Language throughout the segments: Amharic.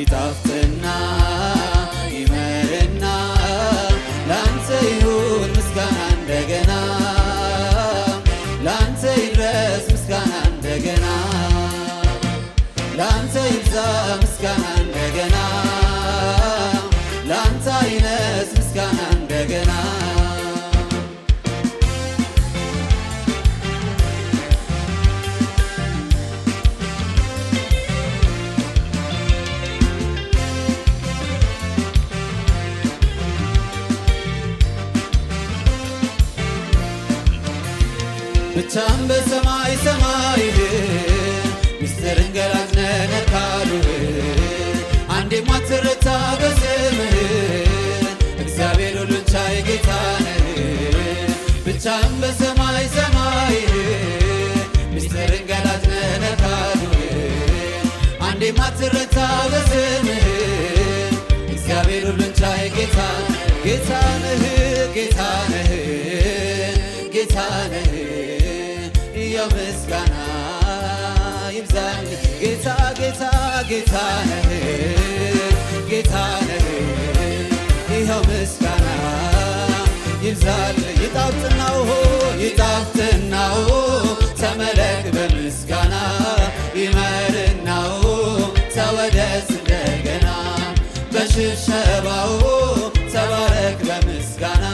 ይጣፍጥና ይመርና ላንተ ይሁን ምስጋና እንደገና ላንተ ይድረስ ምስጋና እንደገና ላንተ ይብዛ ብቻም በሰማይ ሰማይህ ሚስጥርን ገላጭነ ነካድህ አንዴ ማትረታ በስምህ እግዚአብሔር ሁሉን ቻይ ጌታ ነህ ብቻም በሰማይ ሰማይህ ሚስጥርን ገላጭነ ነካድህ አንዴ ማትረታ በስምህ እግዚአብሔር ሁሉን ቻይ ጌታ ጌታ ነህ ጌታ ነህ ጌታ ነህ ጌታ ነህ ይኸው ምስጋና ይብዛል ይጣፍጥናው ይጣፍጥናው ተመለክ በምስጋና ይመርናው ተወደስ እንደገና በሽብሸባው ተባረክ በምስጋና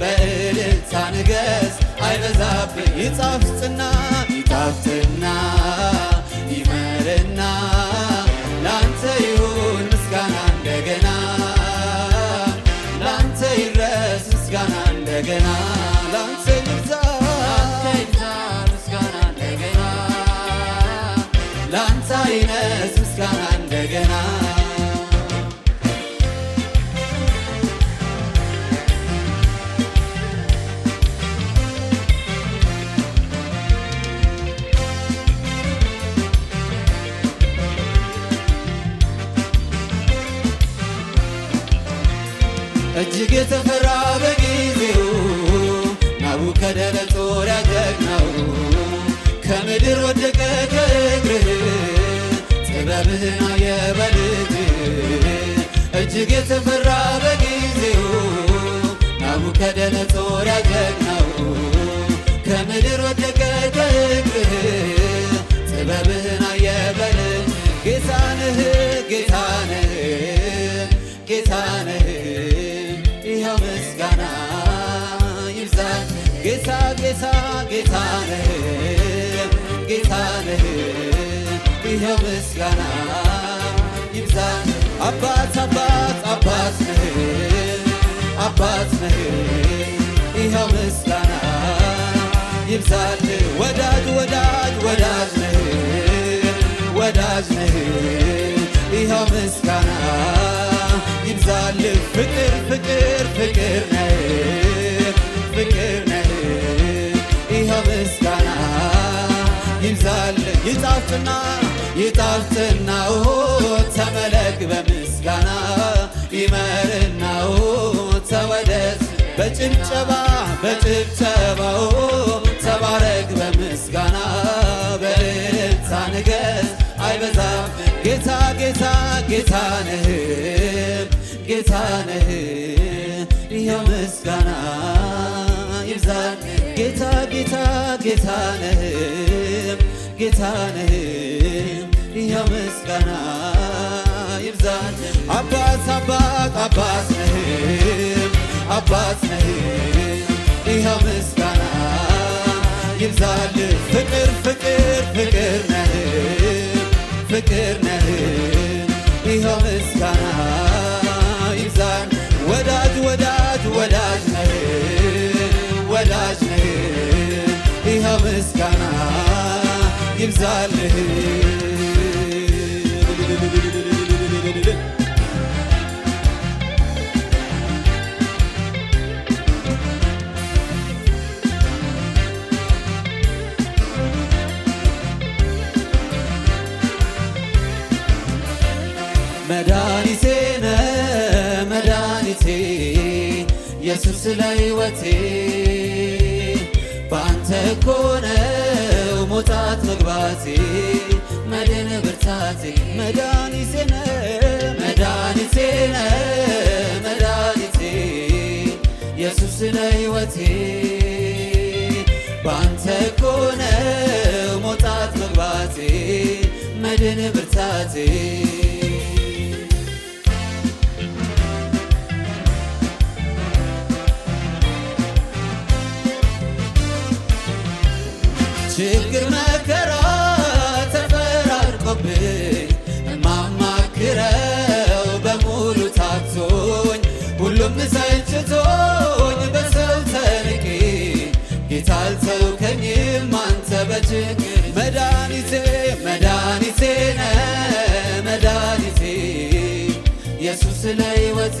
በእልልታ ንገስ አይበዛብህ ይጣፍጥ የነስ ምስጋና እንደገና እጅግ የተፈ እጅግ የተፈራ በጊዜው ናቡከደነጾር ያጀግናው ከምድር ወደቀ ከእግርህ ጥበብህን አየበል ጌታንህ ጌታንህ ጌታንህ ይኸው ምስጋና ይብዛ ጌታ ጌታ ጌታንህ ጌታንህ ይኸው ምስጋና ይብዛ አባት አባት አባት ነህ አባት ነህ ይኸው ምስጋና ይብዛል ወዳጅ ወዳጅ ወዳጅ ነህ ወዳጅ ነህ ይኸው ምስጋና ይብዛልህ ፍቅር ፍቅር ፍቅር ነህ ፍቅር ነህ ይኸው ምስጋና ይብዛልህ ይጣፍጥና ይጣፍጥናው ተመለክ በምስጋና ይመርናው ተወደስ በጭብጨባ በጭብጨባው ተባረክ በምስጋና በእልልታ ንገስ አይበዛም ጌታ ጌታ ጌታ ነህ ጌታ ነህ ይኸው ምስጋና ይብዛል ጌታ ጌታ ጌታ ነህ ጌታ ነህ ይኸው ምስጋና ይበዛል። አባት አባት አባት ነህ አባት ነህ ይኸው ምስጋና ይብዛል። ፍቅር ፍቅር ፍቅር ነህ ፍቅር ነህ ይኸው ምስጋና ይብዛል። ወዳጅ ወዳጅ ወዳጅ ነህ ወዳጅ ነህ ይኸው ምስጋና ይብዛልህ ስለ ሕይወቴ በአንተ እኮ ነው መግባቴ መድን ብርታቴ መድኃኒቴ ነህ መድኃኒቴ ነህ መድኃኒቴ ኢየሱስ ነህ ሕይወቴ በአንተ እኮ ነው መግባቴ መድን ብርታቴ ችግር መከራ ተፈራርቆብኝ እማማክረው በሙሉ ታክቶኝ ሁሉም ሰልችቶኝ በሰው ተንቄ ጌታ አልተውከኝም አንተ በችግር መድኃኒቴ መድኃኒቴ ነህ መድኃኒቴ ኢየሱስ ለሕይወቴ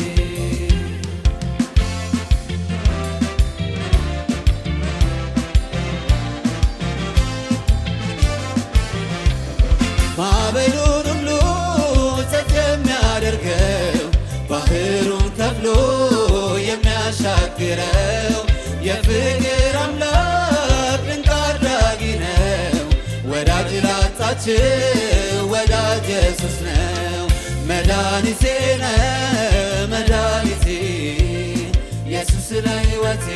ያላችሁ ወዳጄ ኢየሱስ ነው መድኃኒቴ ነው መድኃኒቴ ኢየሱስ ነው ሕይወቴ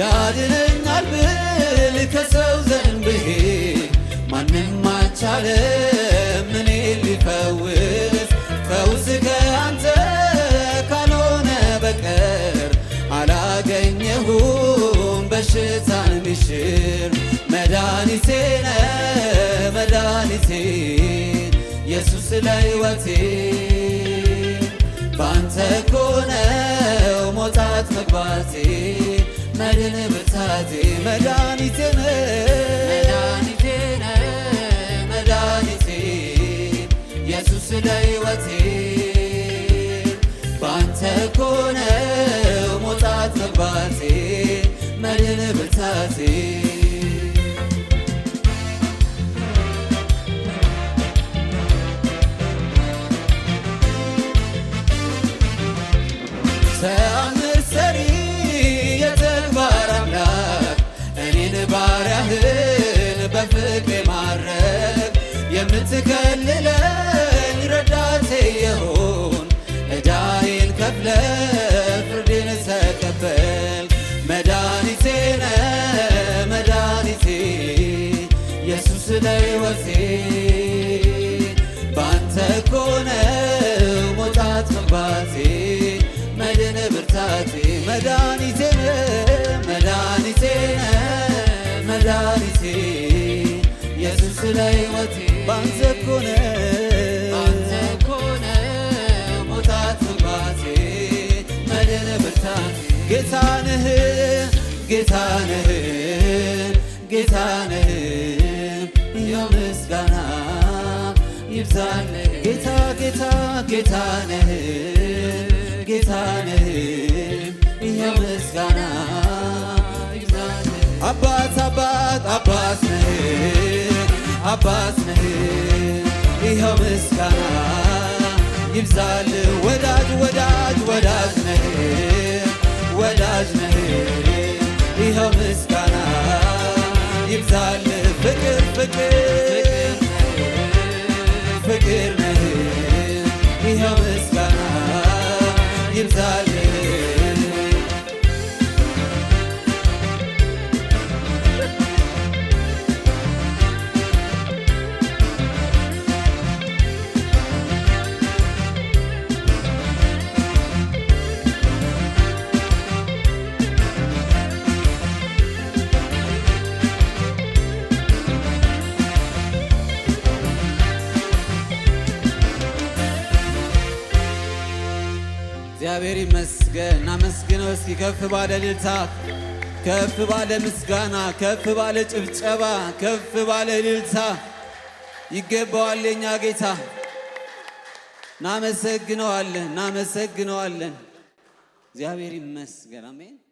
ያድነኛል ብል ከሰው ዘንድ ብሄድ ማንም አልቻለም እኔን ሊፈውስ ፈውስ ከአንተ ካልሆነ በቀር አላገኘሁም በሽታን ሚሽር መድኃኒቴ ነህ መድኃኒቴ ኢየሱስ ለሕይወቴ ባንተ እኮ ነው መግባቴ መድን ብርታቴ መድኃኒቴ መድኃኒቴ ኢየሱስ ለሕይወቴ ባንተ ኮነው መውጣት መግባቴ መድን ብርታቴ ተአምር ሰሪ ሥራህን በፍቅር ማረግ የምትከልለኝ ረዳቴ የሆን ዕዳዬን ከፍለ ፍርድን ተቀበል መድኃኒቴ ነ መድኃኒቴ ኢየሱስ ለሕይወቴ ባንተ እኮ ነው ሞት መድን ብርታቴ መድኃኒቴ ለሕይወቴ ባንተ አባት አባት አባት አባት ነህ ይኸው ምስጋና ይብዛል ወዳጅ ወዳጅ ወዳጅ ነህ ወዳጅ ነህ ይኸው ምስጋና ይብዛል ፍቅር ፍቅር ፍቅር እግዚአብሔር ይመስገን። አመስግነው እስኪ ከፍ ባለ እልልታ፣ ከፍ ባለ ምስጋና፣ ከፍ ባለ ጭብጨባ፣ ከፍ ባለ እልልታ ይገባዋል የኛ ጌታ። እናመሰግነዋለን፣ እናመሰግነዋለን። እግዚአብሔር ይመስገን። አሜን።